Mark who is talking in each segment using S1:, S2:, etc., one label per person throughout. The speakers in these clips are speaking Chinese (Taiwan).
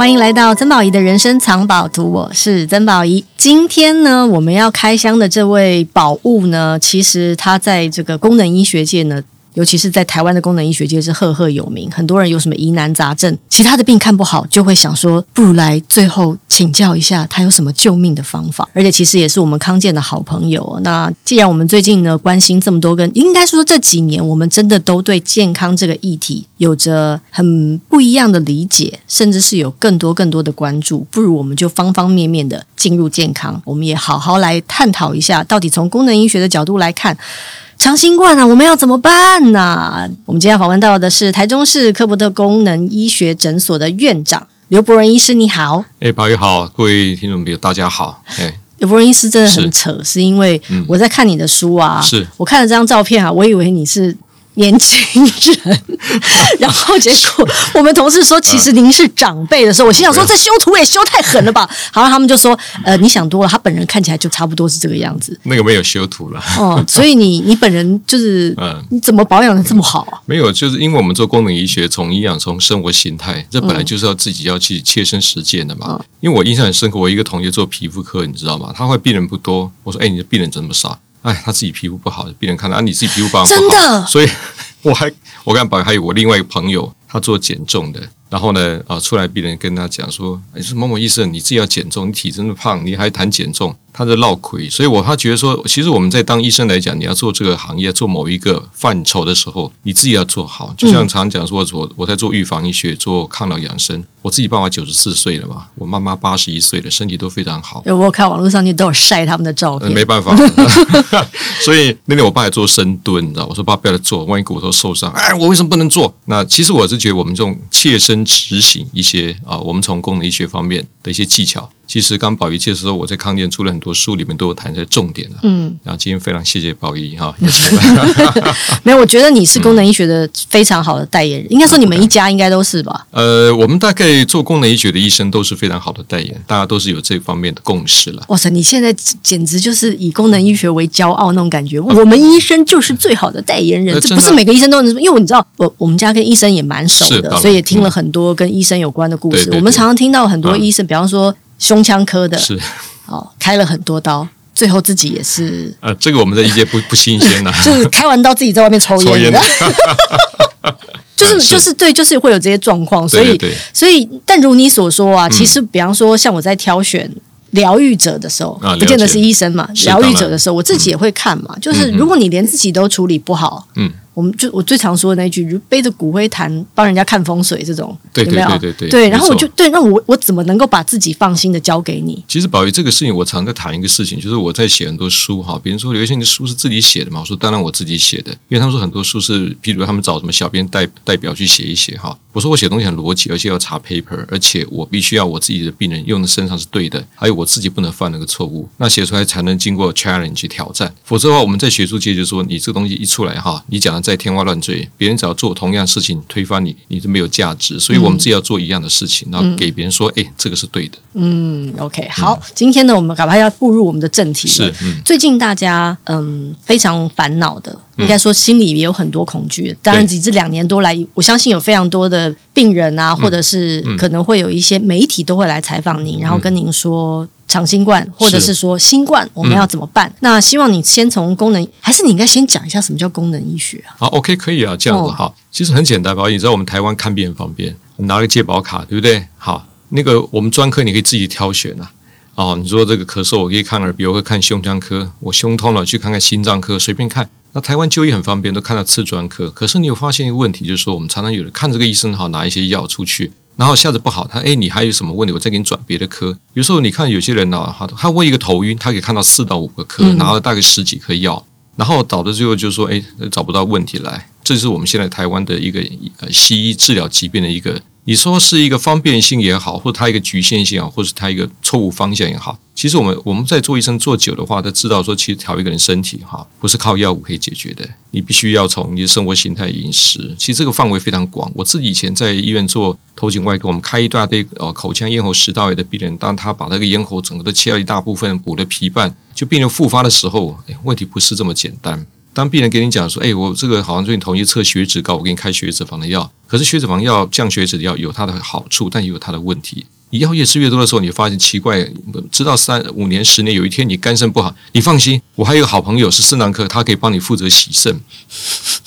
S1: 歡迎來到曾寶儀的人生藏寶圖，我是曾寶儀。今天呢，我們要開箱的這位寶物呢，其實它在這個功能醫學界呢，尤其是在台灣的功能醫學界是赫赫有名，很多人有什麼疑難雜症，其他的病看不好，就會想說，不如來最後請教一下他有什麼救命的方法。而且其實也是我們康健的好朋友。那既然我們最近呢關心這麼多跟，跟應該說，這幾年我們真的都對健康這個議題有着很不一樣的理解，甚至是有更多更多的關注。不如我們就方方面面的進入健康，我們也好好來探討一下，到底從功能醫學的角度來看，長新冠啊，我們要怎麼辦呢、啊？我們今天要訪問到的是台中市科博特功能醫學診所的院長劉博仁醫師，你好。
S2: 誒，寶儀好，各位聽眾朋友大家好。
S1: 劉博仁醫師真的很扯是是因為我在看你的書啊，是、嗯、我看了這張照片啊，我以為你是，年輕人，然後結果我們同事說，其實您是長輩的時候，我心想說，這修圖也修太狠了吧。好像他們就說，呃，你想多了，他本人看起來就差不多是這個樣子。
S2: 那個沒有修圖了哦，
S1: 所以你你本人就是嗯，你怎麼保養的這麼好啊？
S2: 嗯，沒有，就是因為我們做功能醫學，從營養，從生活形態，這本來就是要自己要去切身實踐的嘛。因為我印象很深刻，我一個同學做皮膚科，你知道嗎？他會病人不多，我說，哎，你的病人怎麼少？哎，他自己皮膚不好，病人看到，啊，你自己皮膚不好，真的，所以我還我跟寶還有我另外一個朋友，他做減重的，然後呢，啊、呃，出來病人跟他講說，你、欸、說某某醫生，你自己要減重，你體真的胖，你還談減重。他在鬧虧，所以我他覺得說，其實我們在當醫生來講，你要做這個行業，做某一個範疇的時候，你自己要做好。就像常，常講說，我、嗯、我在做預防醫學，做抗老養生，我自己爸爸九十四歲了嘛，我媽媽八十一歲了，身體都非常好。
S1: 我看網絡上你都有曬他們的照片，呃、沒辦
S2: 法。 所以那天我爸也做深蹲，你知道，我說爸不要做，萬一骨頭受傷，哎，我為什麼不能做？那其實我是覺得，我們這種切身執行一些啊、呃，我們從功能醫學方面的一些技巧，其實剛寶儀介紹，我在康健出了很多。書裡面都有談這些重點的，嗯，然後今天非常謝謝寶儀哈，
S1: 沒有，我覺得你是功能醫學的非常好的代言人，嗯、應該說你們一家應該都是吧、嗯？
S2: 呃，我們大概做功能醫學的醫生都是非常好的代言，大家都是有這方面的共識了。
S1: 哇塞，你現在簡直就是以功能醫學為驕傲那種感覺，嗯、我們醫生就是最好的代言人，嗯、這不是每個醫生都能，因為你知道我我們家跟醫生也蠻熟的，所以也聽了很多跟醫生有關的故事。嗯、我們常常聽到很多醫生，嗯、比方說胸腔科的。是哦，開了很多刀，最後自己也是。
S2: 呃、啊，這個我們的醫界不不新鮮的、啊、 就是
S1: 開完刀自己在外面抽煙。抽 煙、就是嗯。就是就是對，就是會有這些狀況，所以對對對所以，但如你所說啊，其實比方說，像我在挑選療癒者的時候、嗯，不見得是醫生嘛，療、啊、癒者的時候，我自己也會看嘛、嗯。就是如果你連自己都處理不好，嗯，嗯。嗯我們就我最常說的那一句，就背着骨灰壇幫人家看風水這種，對
S2: 對對對，對，有沒有？
S1: 對，然後我就對，那我我怎麼能夠把自己放心的交給你？
S2: 其實寶儀這個事情，我常在談一個事情，就是我在寫很多書哈，比如說劉先生的書是自己寫的嘛，我說當然我自己寫的，因為他們說很多書是，比如他們找什麼小編代代表去寫一寫哈，我說我寫東西很邏輯，而且要查 paper，而且我必須要我自己的病人用的身上是對的，還有我自己不能犯那個錯誤，那寫出來才能經過 challenge 挑戰，否則的話我們在學術界就是說你這個東西一出來哈，你講。在天花亂墜，別人只要做同樣事情推翻你，你就沒有價值。所以，我們自己要做一樣的事情，嗯、然後給別人說、嗯：“哎，這個是對的。
S1: 嗯 okay, ”嗯，OK。好，今天呢，我們趕快要步入我們的正題。是，嗯、最近大家嗯非常煩惱的，應該說心裡也有很多恐懼。但是，以這兩年多來、嗯，我相信有非常多的病人啊，或者是可能會有一些媒體都會來採訪您，然後跟您說。嗯嗯長新冠，或者是說新冠、嗯，我們要怎麼辦？那希望你先從功能，還是你應該先講一下什麼叫功能醫學
S2: 啊？好，OK，可以啊，這樣子哈、哦，其實很簡單吧？你在我們台灣看病很方便，你拿個健保卡，對不對？好，那個我們專科你可以自己挑選啊。哦，你說這個咳嗽，我可以看耳鼻喉，比如說看胸腔科，我胸痛了去看看心臟科，隨便看。那台灣就醫很方便，都看到次專科。可是你有發現一個問題，就是說我們常常有人看這個醫生好，好拿一些藥出去。然後下次不好，他，哎，你還有什麼問題？我再給你轉別的科。有時候你看有些人呢，他他問一個頭暈，他可以看到四到五個科，拿、嗯、了大概十幾顆藥，然後到的最後就說哎，找不到問題來。這是我們現在台灣的一個呃西醫治療疾病的一個。你說是一個方便性也好，或者它一個局限性也好，或者它一個錯誤方向也好。其實我們我們在做醫生做久的話，都知道說，其實調一個人身體哈，不是靠藥物可以解決的。你必須要從你的生活形態、飲食，其實這個範圍非常廣。我自己以前在醫院做頭頸外科，我們開一大堆呃口腔咽喉食道癌的病人，當他把那個咽喉整個都切了一大部分，補了皮瓣，就病人復發的時候，哎，問題不是這麼簡單。當病人跟你講說：“哎，我這個好像最近頭一次測血脂高，我給你開血脂肪的藥。可是血脂肪藥降血脂的藥有它的好處，但也有它的問題。你藥越吃越多的時候，你發現奇怪，直到三五年、十年，有一天你肝腎不好，你放心，我還有個好朋友是腎臟科，他可以幫你負責洗腎。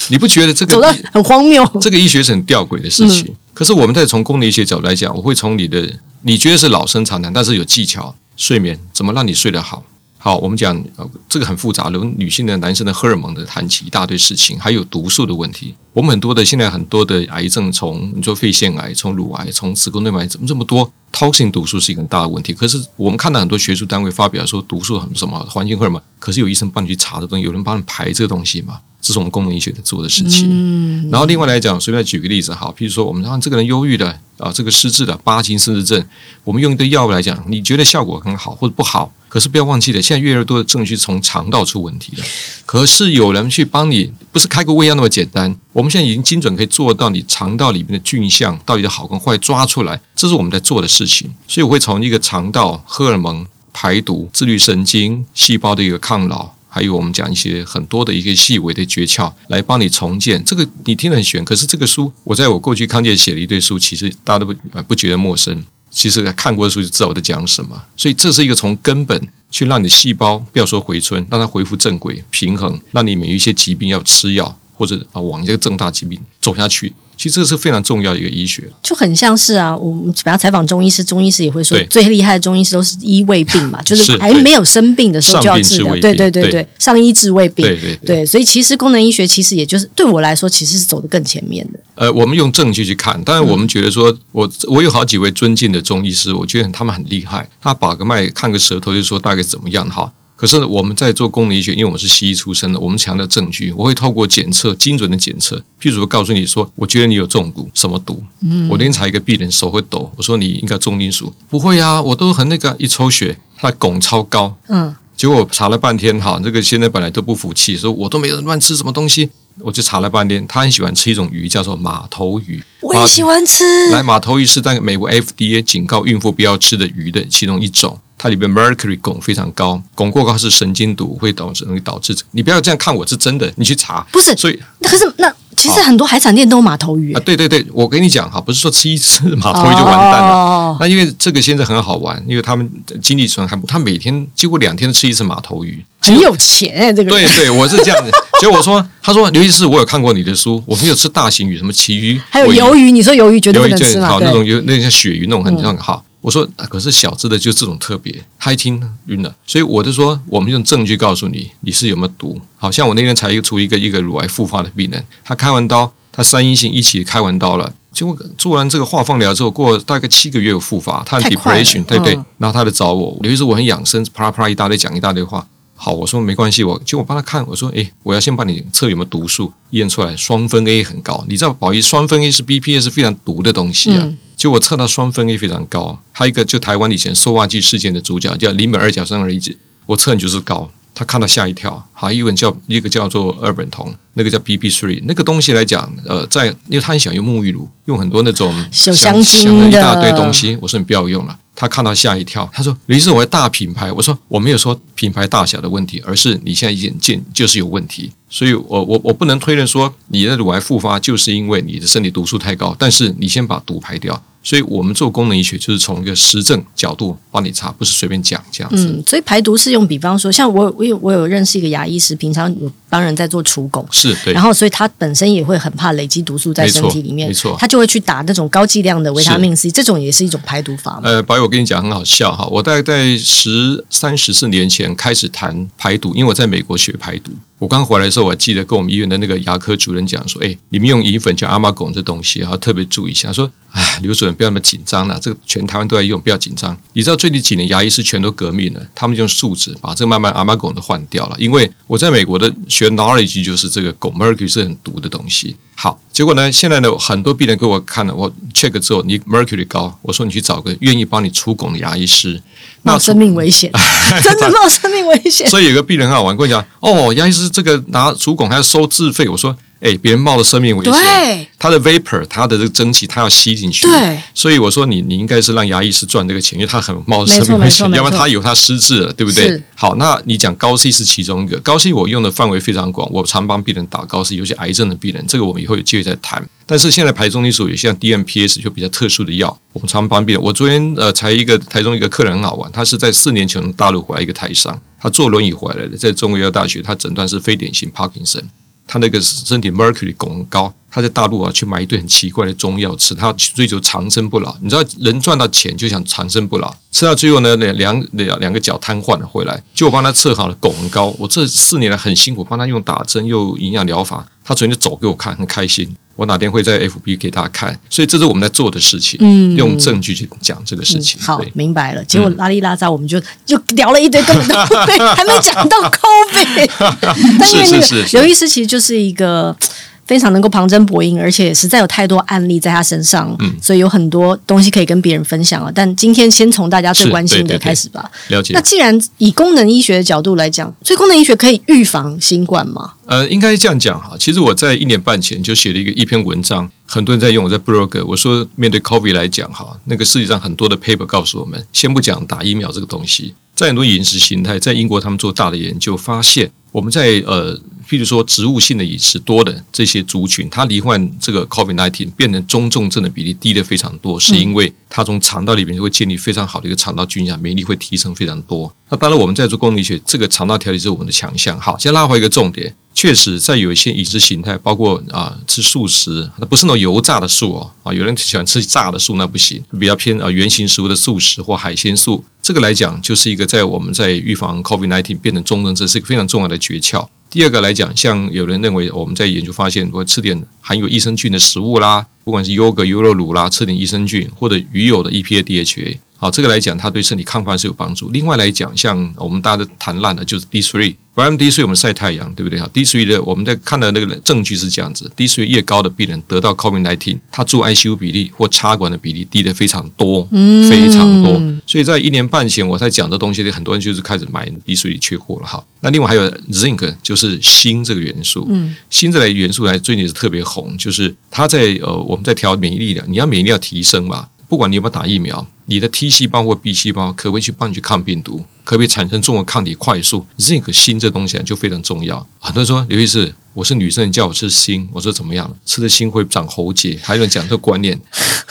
S2: 你不覺得這個走很荒謬？這個醫學是很吊詭的事情。嗯。可是我們在從功能醫學角度來講，我會從你的你覺得是老生常談，但是有技巧，睡眠怎麼讓你睡得好？”好，我們講這個很複雜的，我們女性的、男生的荷爾蒙的談起一大堆事情，還有毒素的問題。我們很多的，現在很多的癌症，從你說肺腺癌、從乳癌、從子宮內膜癌，怎麼這麼多？toxin 毒素是一個很大的問題。可是我們看到很多學術單位發表說毒素很什麼環境荷爾蒙，可是有醫生幫你去查的東西，有人幫你排這個東西嗎？這是我們功能醫學在做的事情，嗯嗯。然後另外來講，隨便舉個例子，好，譬如說我們讓這個人憂鬱的啊，這個失智的、巴金森氏症，我們用一堆藥物來講，你覺得效果很好或者不好？可是不要忘記了，現在越來越多的證據，從腸道出問題了。可是有人去幫你，不是開個胃藥那麼簡單。我們現在已經精準可以做到你腸道裡面的菌相到底的好跟壞抓出來，這是我們在做的事情。所以我會從一個腸道、荷爾蒙、排毒、自律神經、細胞的一個抗老。還有我們講一些很多的一些細微的訣竅，來幫你重建這個。你聽得很玄，可是這個書我在我過去康健寫了一堆書，其實大家都不不覺得陌生。其實看過的書就知道我在講什麼，所以這是一個從根本去讓你的細胞不要說回春，讓它恢復正軌平衡，讓你免於一些疾病要吃藥或者啊往一個重大疾病走下去。其實這個是非常重要的一個醫學，
S1: 就很像是啊，我們比方採訪中醫師，中醫師也會說最厲害的中醫師都是醫未病嘛， 就是還沒有生病的時候就要治的，對對對對，對，上醫治未病，對對、對、對、對、對，所以其實功能醫學其實也就是對我來說，其實是走得更前面的。
S2: 呃，我們用證據去看，但是我們覺得說，嗯、我我有好幾位尊敬的中醫師，我覺得他們很厲害，他把個脈、看個舌頭，就說大概怎麼樣哈。可是我們在做功能醫學，因為我們是西醫出身的，我們強調證據。我會透過檢測，精準的檢測，譬如告訴你說，我覺得你有中毒，什麼毒？嗯，我今天查一個病人手會抖，我說你應該重金屬、嗯，不會啊，我都很那個，一抽血他汞超高，嗯，結果我查了半天哈，這個現在本來都不服氣，說我都沒有亂吃什麼東西，我就查了半天，他很喜歡吃一種魚叫做馬頭魚，我也喜
S1: 歡吃。來，
S2: 馬頭魚是在美國 FDA 警告孕婦不要吃的魚的其中一種。它裡邊 mercury 汞非常高，汞過高是神經毒，會導致容易導致。你不要這樣看，我是真的，你去查。不是，所以
S1: 可是那其實很多海產店都有馬頭魚，
S2: 欸哦。啊，對對對，我跟你講哈，不是說吃一次馬頭魚就完蛋了，哦。那因為這個現在很好玩，因為他們經濟層還不，他每天幾乎兩天都吃一次馬頭魚，
S1: 很有錢哎，欸，這個。對對，我是這樣子。
S2: 所 以我說，他說，尤其是我有看過你的書，我沒有吃大型魚，什麼旗魚，還有魷魚
S1: 有。你說魷魚絕對不能吃嗎？好，那種
S2: 有那些鱈魚那種，很好。嗯我說，可是小資的就這種特別，他一聽了暈了，所以我就說，我們用證據告訴你，你是有沒有毒？好像我那天才出一個一個乳癌復發的病人，他開完刀，他三陰性一起開完刀了，結果做完這個化放療之後，過大概七個月又復發，他很 depression，對不對、嗯？然後他來找我，有一次我很養生，啪啦啪啦一大堆講一大堆話。好，我說沒關係，我就我幫他看，我說，誒，我要先幫你測有沒有毒素，驗出來雙酚 A 很高，你知道保一，雙酚 A 是 BPA 是非常毒的東西啊。嗯就我測到雙酚 A 非常高，還有一個就台灣以前塑化劑事件的主角叫鄰苯二甲酸二酯，我測你就是高，他看到嚇一跳。還一個叫一個叫做二苯酮，那個叫 BB Three，那個東西來講，呃，在因為他很喜歡用沐浴乳，用很多那種小香精的一大堆東西，我說你不要用了，他看到嚇一跳，他說劉醫師為大品牌，我說我沒有說品牌大小的問題，而是你現在眼鏡就是有問題。所以我，我我我不能推論說你的乳癌復發，就是因為你的身體毒素太高。但是你先把毒排掉。所以，我們做功能醫學就是從一個實證角度幫你查，不是隨便講這樣子。嗯，
S1: 所以排毒是用，比方說，像我我有我有認識一個牙醫師，平常有幫人在做除汞，
S2: 是，對，然後所
S1: 以他本身也會很怕累積毒素在身體裡面，沒錯，他就會去打那種高劑量的維他命 C，這種也是一種排毒法。
S2: 呃，寶儀，我跟你講很好笑哈，我大概在十三十四年前開始談排毒，因為我在美國學排毒。我剛回來的時候，我還記得跟我們醫院的那個牙科主任講說：“哎、欸，你們用銀粉叫阿瑪汞，這東西哈，然後特別注意一下。”說：“哎，劉主任不要那麼緊張了，這個全台灣都在用，不要緊張。你知道最近幾年牙醫是全都革命了，他們用樹脂把這個慢慢阿瑪汞都換掉了。因為我在美國的學 knowledge 就是這個汞 mercury 是很毒的東西。”好，結果呢？現在呢？很多病人給我看了，我 check 了之後，你 mercury 高，我說你去找個願意幫你除汞的牙醫師，
S1: 冒生命危險， 真的冒生命危險。 所以
S2: 有個病人啊很好玩，跟我講哦，牙醫師這個拿除汞還要收自費，我說。哎，別人冒着生命危險，他的 vapor，他的這個蒸汽，他要吸進去。對，所以我說你，你應該是讓牙醫師賺這個錢，因為他很冒着生命危險，要不然他有他失智了，對不對？好，那你講高 C 是其中一個，高 C 我用的範圍非常廣，我常幫病人打高 C。有些癌症的病人，這個我們以後有機會再談。但是現在排重金屬，也像 DMPS，就比較特殊的藥，我們常幫病人。我昨天呃，才一個台中一個客人很好玩，他是在四年前的大陸回來一個台商，他坐輪椅回來的，在中國醫藥大學，他診斷是非典型帕金森。他那個身體 mercury 汞很高，他在大陸啊，去買一堆很奇怪的中藥吃，他去追求長生不老。你知道，人賺到錢就想長生不老，吃到最後呢，兩兩兩個腳癱瘓了回來，就我幫他測好了汞很高。我這四年來很辛苦，幫他用打針又營養療法，他昨天就走給我看，很開心。我哪天會在 FB 給大家看，所以這是我們在做的事情，嗯、用證據去講這個事情、嗯嗯。好，
S1: 明白了。結果拉里拉雜，我們就、嗯、就聊了一堆，根本都不對， 還沒講講到 COVID 但因為
S2: 那個劉醫師，是是是
S1: 易斯其實就是一個。 非常能夠旁徵博引，而且實在有太多案例在他身上，嗯、所以有很多東西可以跟別人分享了。但今天先從大家最關心的對對對開始吧。了解。那既然以功能醫學的角度來講，所以功能醫學可以預防新冠嗎？
S2: 呃，應該這樣講哈。其實我在一年半前就寫了一個一篇文章，很多人在用。我在 blog 我說，面對 COVID 來講哈，那個世界上很多的 paper 告訴我們，先不講打疫苗這個東西，在很多飲食形態，在英國他們做大的研究發現。我們在呃，譬如說植物性的飲食多的這些族群，他罹患這個 COVID-19 變成中重症的比例低得非常多，嗯、是因為他從腸道裡面就會建立非常好的一個腸道菌群，免疫力會提升非常多。那當然，我們在做功能醫學，這個腸道調理是我們的強項。好，先拉回一個重點。確實，在有一些飲食形態，包括啊、呃、吃素食，那不是那種油炸的素哦啊、呃，有人喜歡吃炸的素，那不行，比較偏啊、呃、原型食物的素食或海鮮素，這個來講就是一個在我們在預防 COVID nineteen 變成重症，這是一個非常重要的訣竅。第二個來講，像有人認為我們在研究發現，如果吃點含有益生菌的食物啦，不管是優格、優酪乳啦，吃點益生菌或者魚油的 EPA、DHA。好，這個來講，它對身體抗病是有幫助。另外來講，像我們大家都談爛了，就是 D three，D three 我們曬太陽，對不對？哈，D three 的我們在看到的那個證據是這樣子，D three 越高的病人得到 COVID-19，他住 ICU 比例或插管的比例低得非常多，嗯，非常多。所以在一年半前我在講的東西很多人就是開始買 D three 缺貨了哈。那另外還有 Zinc，就是鋅這個元素，嗯，鋅這類元素來最近是特別紅，就是它在呃我們在調免疫力的，你要免疫力要提升嘛。不管你有沒有打疫苗，你的 T 細胞或 B 細胞可不可以去幫你去抗病毒？可不可以產生中和抗體？快速這可、個、鋅這東西就非常重要。很多人說劉醫師，我是女生，你叫我吃鋅，我說怎麼樣？吃的鋅會長喉結。還有人講這個觀念，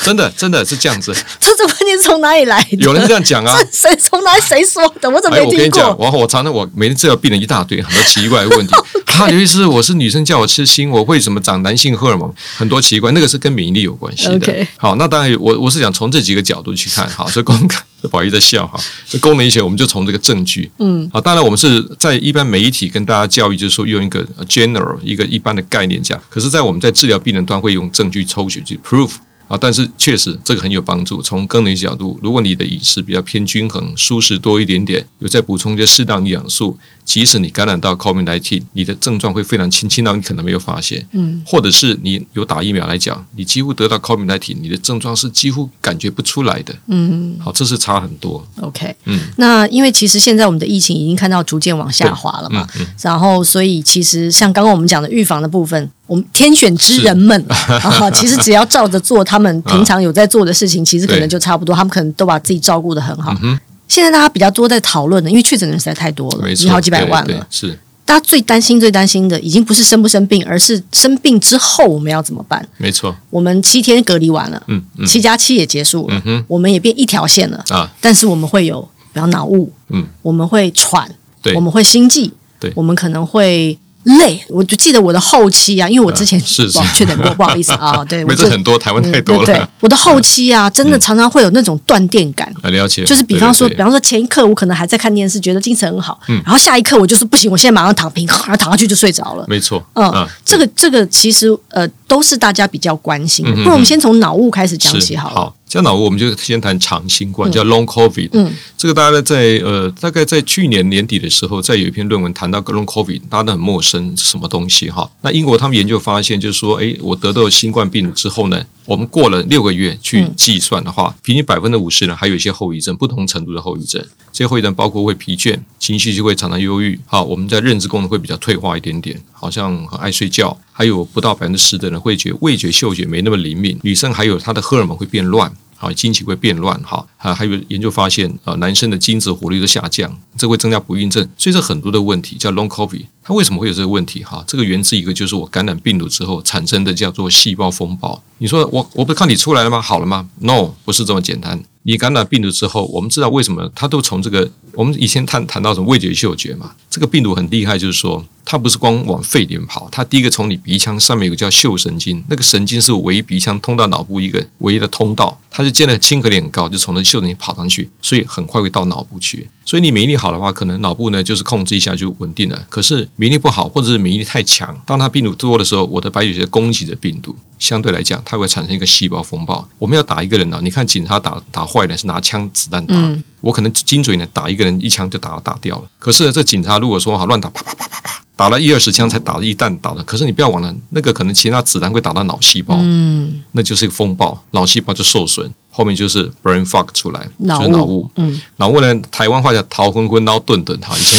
S2: 真的真的是這樣子。
S1: 這個觀念從哪裡來？有人這樣講啊？誰從哪裡誰說的？我怎麼沒聽
S2: 過？哎、我我，我常常我每天治療病人一大堆，很多奇怪的問題。 他 尤其是我是女生，叫我吃鋅，我為什麼長男性荷爾蒙，很多奇怪，那個是跟免疫力有關係的。Okay. 好，那當然我我是想從這幾個角度去看，好，這光這寶儀在笑哈，這功能一些，我們就從這個證據，嗯，好，當然我們是在一般媒體跟大家教育，就是說用一個 general 一個一般的概念講，可是，在我們在治療病人端會用證據抽血去 prove 啊，但是確實這個很有幫助。從功能角度，如果你的飲食比較偏均衡，素食多一點點，有再補充一些適當營養素。即使你感染到 COVID-19，你的症狀會非常輕、輕，輕到你可能沒有發現。嗯，或者是你有打疫苗來講，你幾乎得到 COVID-19，你的症狀是幾乎感覺不出來的。
S1: 嗯，好，
S2: 這是差很多。OK，嗯，
S1: 那因為其實現在我們的疫情已經看到逐漸往下滑了嘛。嗯、嗯然後，所以其實像剛剛我們講的預防的部分，我們天選之人們，其實只要照着做他們平常有在做的事情，啊、其實可能就差不多。他們可能都把自己照顧得很好。嗯現在大家比較多在討論的，因為確診的人實在太多了，已經好幾百萬了。是，大家最擔心、最擔心的，已經不是生不生病，而是生病之後我們要怎麼辦？沒錯，我們七天隔離完了，嗯，嗯七加七也結束了，嗯我們也變一條線了啊。但是我們會有比方腦霧，嗯，我們會喘，對，我們會心悸，對，我們可能會。累，我就記得我的後期啊，因為我之前、啊、是、確實確診過，不好意思啊，對我是很多台灣太多了。嗯、對，對，我的後期啊，啊，真的常常會有那種斷電感啊，
S2: 了解了。就是比方說，對對對比方說
S1: 前一刻我可能還在看電視，覺得精神很好，嗯、然後下一刻我就是不行，我現在馬上躺平，然、呃、後躺下去就睡着了。
S2: 沒錯，嗯，啊、
S1: 這個這個其實呃都是大家比較關心的。不如我們先從腦霧開始講起好了。
S2: 嗯這樣的話，我們就先談長新冠，叫 long COVID，嗯嗯。這個大家在呃，大概在去年年底的時候，在有一篇論文談到 long COVID，大家都很陌生，什麼東西哈？那英國他們研究發現，就是說，哎，我得到新冠病毒之後呢，我們過了六個月去計算的話，嗯、平均百分之五十呢，還有一些後遺症，不同程度的後遺症。這些後遺症包括會疲倦，情緒就會常常憂鬱。哈，我們在認知功能會比較退化一點點，好像很愛睡覺。還有不到百分之十的人會覺得味覺、嗅覺沒那麼靈敏。女生還有她的荷爾蒙會變亂，好，經期會變亂。哈，還有研究發現，呃，男生的精子活力都下降，這會增加不孕症。所以這很多的問題叫 Long Covid。他為什麼會有這個問題？哈，這個源自一個就是我感染病毒之後產生的叫做細胞風暴。你說我我不是抗體出來了嗎？好了嗎？No，不是這麼簡單。你感染病毒之後，我們知道為什麼它都從這個我們以前談談到什麼味覺嗅覺嘛。這個病毒很厲害，就是說它不是光往肺裡面跑，它第一個從你鼻腔上面有個叫嗅神經，那個神經是唯一鼻腔通到腦部一個唯一的通道，它就建的親和力很高，就從那嗅神經跑上去，所以很快會到腦部去。所以你免疫力好的話，可能腦部呢就是控制一下就穩定了。可是免疫力不好，或者是免疫力太強，當它病毒多的時候，我的白血球攻擊的病毒，相對來講，它會產生一個細胞風暴。我們要打一個人啊，你看警察打打壞人是拿槍子彈打。嗯，我可能精準的打一個人一槍就打打掉了。可是呢，這警察如果說好亂打，啪啪啪啪啪，打了一二十槍才打了一彈打的。可是你不要忘了，那個可能其他子彈會打到腦細胞，嗯，那就是一個風暴，腦細胞就受損。後面就是 brain fog 出來，腦霧就是腦霧，嗯，腦霧呢，台灣話叫頭昏昏腦鈍鈍，哈，以前，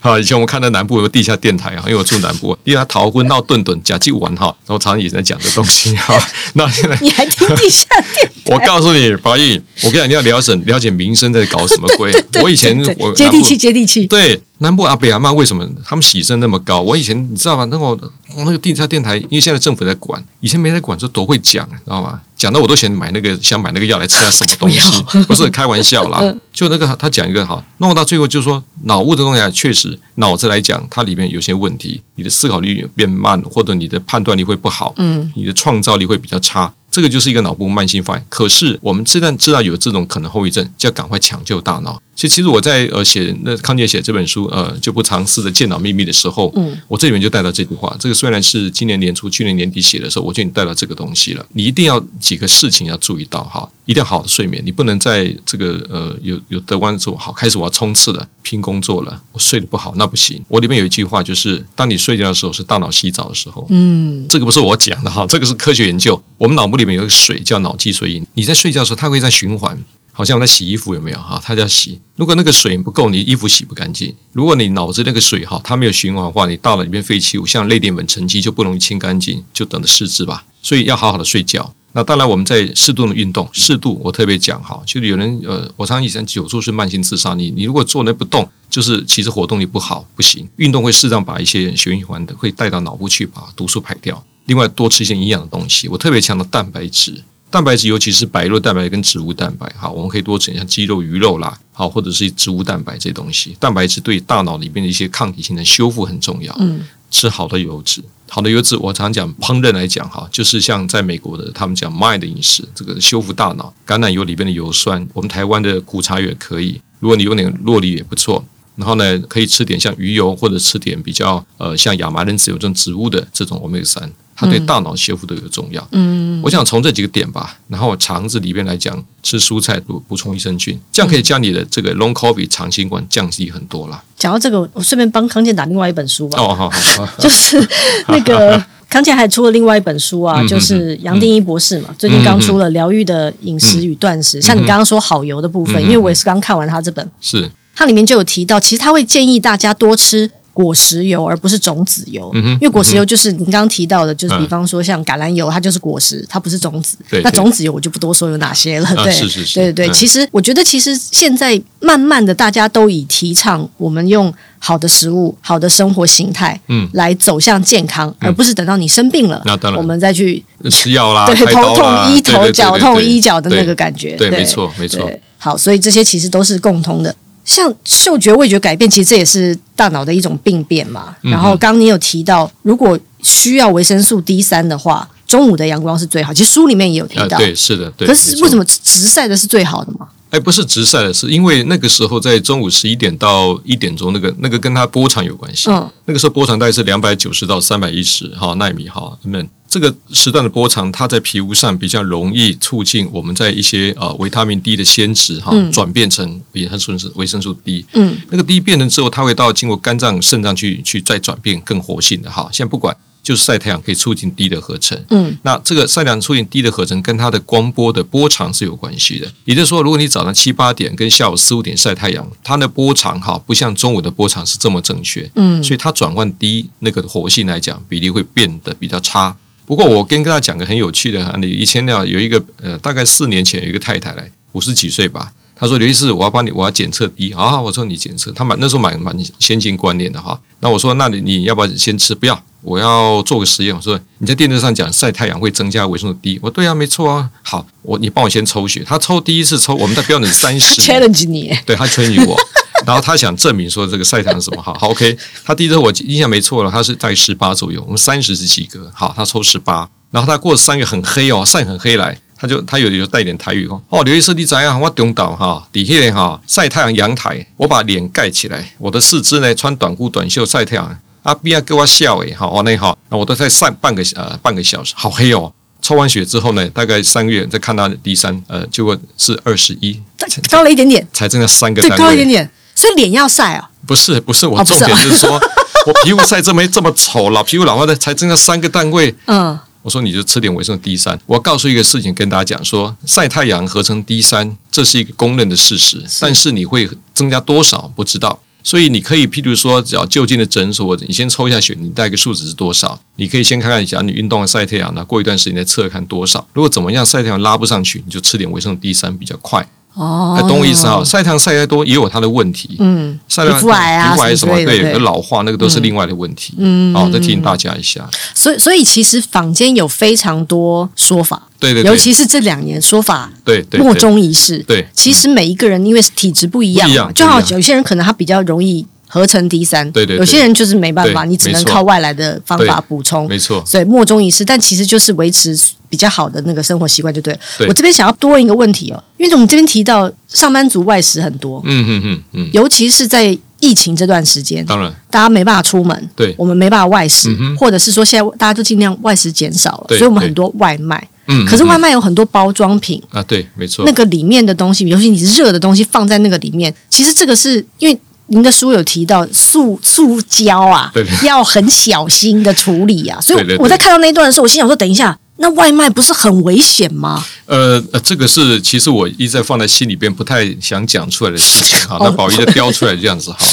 S2: 哈，以前我們看到南部有個地下電台啊，因為我住南部，因為他頭昏腦鈍鈍，講起玩哈，常常好 然後常常在講這東西哈，那現在你還
S1: 聽地下電
S2: 台？我告訴你，寶儀，我跟你講，你要了解了解民生在搞什麼鬼？我以前對對對，我接地氣接地氣，對南部阿北阿嬤為什麼他們喜聲那麼高？我以前你知道嗎？那個那個地下電台，因為現在政府在管，以前沒在管，是多會講，你知道嗎？講的我都想買那個像。買那個藥來吃了什麼東西？不是開玩笑啦，就那個他講一個哈，弄到最後就是說腦霧的東西確實，腦子來講它裡面有些問題，你的思考力變慢，或者你的判斷力會不好，你的創造力會比較差。這個就是一個腦部慢性發炎，可是我們這段知道有這種可能後遺症，就要趕快搶救大腦。所以其實我在呃寫那康健寫這本書呃就不藏私的健腦祕密的時候，嗯，我這裡面就帶到這句話。這個雖然是今年年初、去年年底寫的時候，我就你帶到這個東西了。你一定要幾個事情要注意到哈，一定要好的睡眠。你不能在這個呃有有得的時候好開始我要衝刺了、拼工作了，我睡得不好那不行。我裡面有一句話就是，當你睡覺的時候是大腦洗澡的時候，嗯，這個不是我講的哈，這個是科學研究。我們腦部裡。有個水叫腦脊髓液，你在睡覺的時候，它會在循環，好像我在洗衣服，有沒有哈？它叫洗。如果那個水不夠，你衣服洗不乾淨。如果你腦子那個水哈，它沒有循環的話，你大腦裡面廢物，像類澱粉沉積就不容易清乾淨，就等着失智吧。所以要好好的睡覺。那當然，我們在適度的運動，適度我特別講哈，就是有人呃，我常常以前久坐是慢性自殺，你你如果坐那不動，就是其實活動力不好，不行。運動會適當把一些循環的會帶到腦部去，把毒素排掉。另外多吃一些營養的東西，我特別強調蛋白質。蛋白質尤其是白肉蛋白跟植物蛋白，好，我們可以多吃一下雞肉、魚肉啦，好，或者是植物蛋白這些東西。蛋白質對大腦裡面的一些抗體性的修復很重要。嗯，吃好的油脂，好的油脂，我常講烹飪來講哈，就是像在美國的他們講 MIND 的飲食，這個修復大腦，橄欖油裡面的油酸，我們台灣的苦茶也可以，如果你用點酪梨也不錯。然後呢，可以吃點像魚油，或者吃點比較呃像亞麻仁籽油這種植物的這種歐米伽三。它對大腦修復都有重要。嗯，我想從這幾個點吧，然後我腸子裡面來講，吃蔬菜多，補充益生菌，這樣可以將你的這個 Long COVID 長新冠降低很多啦。
S1: 講到這個，我順便幫康健打另外一本書吧。哦，好
S2: 好好。
S1: 就是那個康健還出了另外一本書啊，就是楊定一博士嘛，最近剛出了《療癒的飲食與斷食》。像你剛剛說好油的部分，因為我也是剛看完他這本，是它裡面就有提到，其實他會建議大家多吃。果實油，而不是種子油、嗯，因為果實油就是你剛剛提到的、嗯，就是比方說像橄欖油，嗯、它就是果實，它不是種子。那種子油我就不多說有哪些了。對、啊、對是是是對是是對、嗯，其實我覺得其實現在慢慢的大家都以提倡我們用好的食物、嗯、好的生活形態，嗯，來走向健康，嗯，而不是等到你生病了，嗯、那當然我們再去
S2: 吃藥啦，頭 痛，痛醫頭腳，腳痛醫腳的那個感覺。對，對對對沒錯對沒錯。
S1: 好，所以這些其實都是共通的。像嗅覺、味覺改變，其實這也是大腦的一種病變嘛。嗯、然後，剛你有提到，如果需要維生素 D 三的話，中午的陽光是最好。其實書裡面也有提到，呃、對，是的，對。可是為什麼直曬的是最好的嘛？嗯
S2: 哎，不是直曬的是，是因為那個時候在中午十一點到一點鐘，那個那個跟它波長有關係。嗯、哦，那個時候波長大概是兩百九十到三百一十哈奈米哈。那、哦嗯、這個時段的波長，它在皮膚上比較容易促進我們在一些呃維他命 D 的先質，哈、哦嗯、轉變成維生素維生素 D。嗯，那個 D 變成之後，它會到經過肝臟腎臟去去再轉變更活性的哈、哦。現在不管。就是曬太陽可以促進 D 的合成，嗯，那這個曬太陽促進 D 的合成跟它的光波的波長是有關係的。也就是說，如果你早上七八點跟下午四五點曬太陽，它的波長哈，不像中午的波長是這麼正確，嗯，所以它轉換 D 那個活性來講，比例會變得比較差。不過我跟大家講個很有趣的哈，你以前呢有一個呃，大概四年前有一個太太來，五十幾歲吧，她說劉醫師，我要幫你，我要檢測 D 啊。我說你檢測，他蠻那時候蠻蠻先進觀念的哈。那我說那你你要不要先吃？不要。我要做個實驗，我說你在電視上講曬太陽會增加維生素 D，我說對啊，沒錯啊。好，我你幫我先抽血，他抽第一次抽，我們的標準三十。Challenge 你對，對他 challenge 我， 然後他想證明說這個曬太陽是什麼好，好 OK，他第一次我印象沒錯了，他是在十八左右，我們三十是及格，好，他抽十八，然後他過三個月很黑哦，曬很黑來，他就他有有帶一點台語說哦，哦劉醫生你怎啊我懂倒哈，底下哈曬太陽陽台，我把臉蓋起來，我的四肢呢穿短褲短袖曬太陽。啊，比阿給我笑哎，好、哦，我那好，那我都在曬半個呃半個小時，好黑哦。抽完血之後呢，大概三個月再看他 D 三，呃，結、就、果是二十一，高了一點點，才增加三個單位，位高一點
S1: 點，所以臉要曬
S2: 啊、哦。不是不是，我重點是說，哦是啊、我皮膚曬這麼這麼醜，老皮膚老化的才增加三個單位。嗯，我說你就吃點維生素 D 三。我告訴一個事情跟大家講說，曬太陽合成 D 三，這是一個公認的事實，是但是你會增加多少不知道。所以你可以，譬如說，只要就近的診所，你先抽一下血，你帶個數值是多少？你可以先看看，假如你運動曬太陽，那過一段時間再測看多少。如果怎麼樣，曬太陽拉不上去，你就吃點維生素 D 三比較快。哦，懂我意思哈！曬太陽曬太多也有它的問題，嗯，曬了皮膚癌啊，什麼的對，對，有老化，那個都是另外的問題。嗯好，再提醒大家一下。
S1: 所以，所以其實坊間有非常多說法，對對，對，尤其是這兩年說法，對
S2: 對，對，莫衷一是。對，
S1: 其實每一個人因為體質不，不，不一樣，就好像，有些人可能他比較容易。合成 D 三，對,對對，有些人就是沒辦法，你只能靠外來的方法補充，沒錯。所以莫衷一是，但其實就是維持比較好的那個生活習慣就對，就對。我這邊想要多問一個問題哦，因為我們這邊提到上班族外食很多，嗯嗯嗯嗯，尤其是在疫情這段時間，當然大家沒辦法出門，對，我們沒辦法外食，嗯、或者是說現在大家都盡量外食減少了，所以我們很多外賣，可是外賣有很多包裝品、嗯、
S2: 哼哼啊，對，沒錯，那個
S1: 裡面的東西，尤其你熱的東西放在那個裡面，其實這個是因為。您的書有提到塑塑膠啊，對對對對，要很小心的處理啊，所以我在看到那段的時候，我心想說，等一下，那外賣不是很危險嗎？
S2: 呃，呃這個是其實我一直在放在心裡邊，不太想講出來的事情。好， 那寶儀的標出來這樣子哈，好，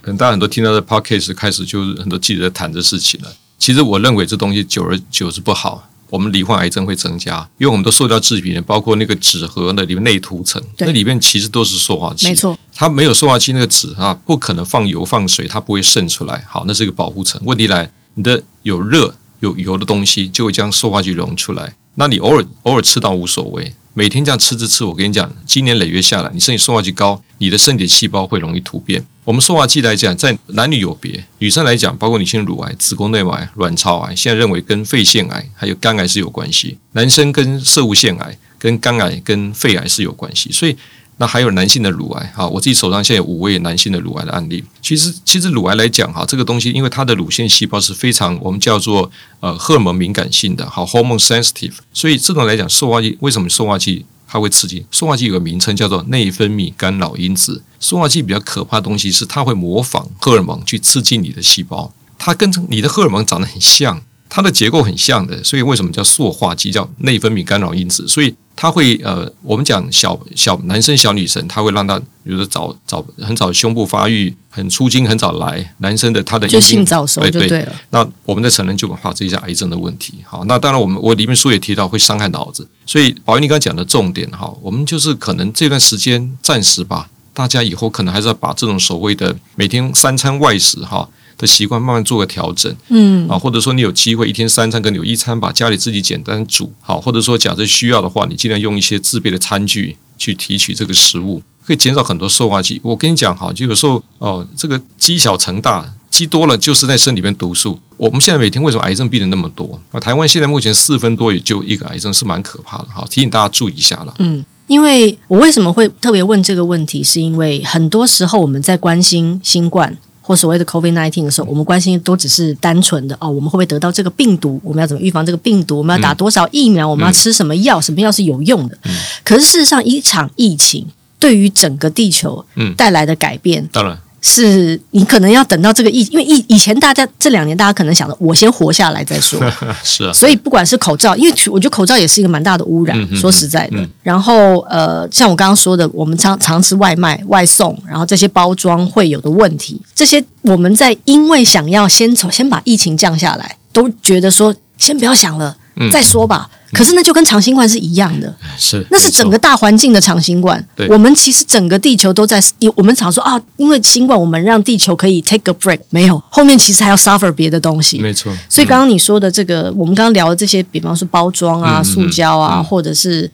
S2: 可能大家很多聽到的 Podcast 開始，就是很多記者在談這事情了。其實我認為這東西久而久之不好。我們罹患癌症會增加，因為我們的塑料制品，包括那個紙盒的裡面內塗層，那裡面其實都是塑化劑。沒錯，它沒有塑化劑那個紙啊，不可能放油放水，它不會滲出來。好，那是一個保護層。問題來，你的有熱有油的東西，就會將塑化劑溶出來。那你偶爾偶爾吃到無所謂。每天這樣吃着吃，我跟你講，經年累月下來，你身體酸化劑高，你的身體細胞會容易突變。我們酸化劑來講，在男女有別，女生來講，包括女性乳癌、子宮內膜癌、卵巢癌，現在認為跟肺腺癌還有肝癌是有關係；男生跟攝護腺癌、跟肝癌、跟肺癌是有關係，所以。那還有男性的乳癌哈，我自己手上現在有五位男性的乳癌的案例。其實，其實乳癌來講哈，這個東西因為它的乳腺細胞是非常我們叫做呃荷爾蒙敏感性的，好 Hormone sensitive。所以這種來講，塑化劑為什麼塑化劑它會刺激？塑化劑有個名稱叫做內分泌干擾因子。塑化劑比較可怕的東西是它會模仿荷爾蒙去刺激你的細胞，它跟你的荷爾蒙長得很像。它的結構很像的，所以為什麼叫塑化劑叫內分泌干擾因子？所以它會呃，我們講小小男生小女生，它會讓他，比如說早早很早胸部發育，很出精很早來，男生的他的就性早熟對，就對了對對。那我們的成人就怕這一些癌症的問題，好，那當然我們我裡面書也提到會傷害腦子。所以寶儀你剛剛講的重點哈，我們就是可能這段時間暫時吧，大家以後可能還是要把這種所謂的每天三餐外食哈。好的習慣慢慢做個調整，嗯，啊，或者說你有機會一天三餐跟有一餐把家裡自己簡單煮好，啊，或者說假設需要的話，你儘量用一些自備的餐具去提取這個食物，可以減少很多塑化劑。我跟你講哈、啊，就有時候哦，這個積小成大，積多了就是在身體裡面毒素。我們現在每天為什麼癌症病人那麼多？啊，台灣現在目前四分多也就一個癌症是蠻可怕的，好，啊，提醒大家注意一下了。嗯，
S1: 因為我為什麼會特別問這個問題，是因為很多時候我們在關心新冠。或所謂的 COVID-19 的時候，我們關心的都只是單純的哦，我們會不會得到這個病毒？我們要怎麼預防這個病毒？我們要打多少疫苗？我們要吃什麼藥？嗯、什麼藥是有用的？嗯、可是事實上，一場疫情對於整個地球帶來的改變，嗯是你可能要等到這個疫，因為疫，以前大家這兩年大家可能想着我先活下來再說， 是
S2: 啊，所以
S1: 不管是口罩，因為我覺得口罩也是一個蠻大的污染， 說實在的。 然後呃，像我剛剛說的，我們常常吃外賣、外送，然後這些包裝會有的問題，這些我們在因為想要先從先把疫情降下來，都覺得說先不要想了。再說吧，嗯。可是那就跟長新冠是一樣的，是，嗯、那是整個大環境的長新冠。我們其實整個地球都在，我們常說啊，因為新冠，我們讓地球可以 take a break，沒有後面其實還要 suffer 別的東西。沒錯。所以剛剛你說的這個，嗯、我們剛剛聊的這些，比方說包裝啊、嗯、塑膠啊、嗯，或者是。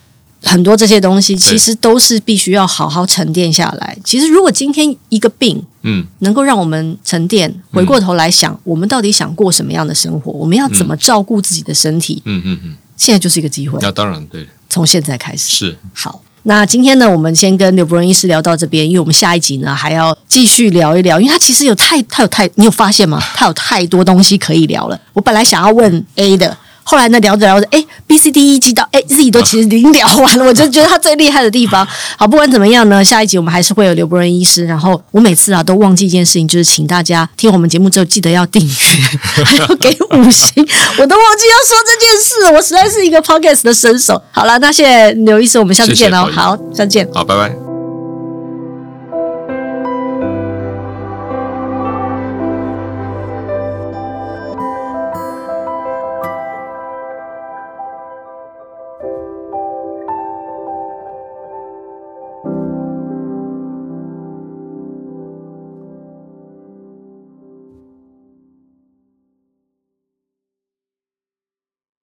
S1: 很多這些東西其實都是必須要好好沉澱下來。其實，如果今天一個病，嗯，能夠讓我們沉澱，嗯、回過頭來想，我們到底想過什麼樣的生活、嗯？我們要怎麼照顧自己的身體？嗯嗯嗯，嗯。現在就是一個機會。那、
S2: 啊、當然對，
S1: 從現在開始是好。那今天呢，我們先跟劉博仁醫師聊到這邊，因為我們下一集呢還要繼續聊一聊，因為他其實有太、他有太，你有發現嗎？他有太多東西可以聊了。 我本來想要問 A 的。後來呢，聊着聊着，哎、欸、B、C、D、E 幾到，哎，自己都其實已經聊完了， 我就覺得他最厲害的地方。好，不管怎麼樣呢，下一集我們還是會有劉博仁醫師。然後我每次啊都忘記一件事情，就是請大家聽我們節目之後記得要訂閱，還要給五星， 我都忘記要說這件事，我實在是一個 podcast 的新手。好了，那謝謝劉醫師，我們下次見哦，好，下次見，好，
S2: 拜拜。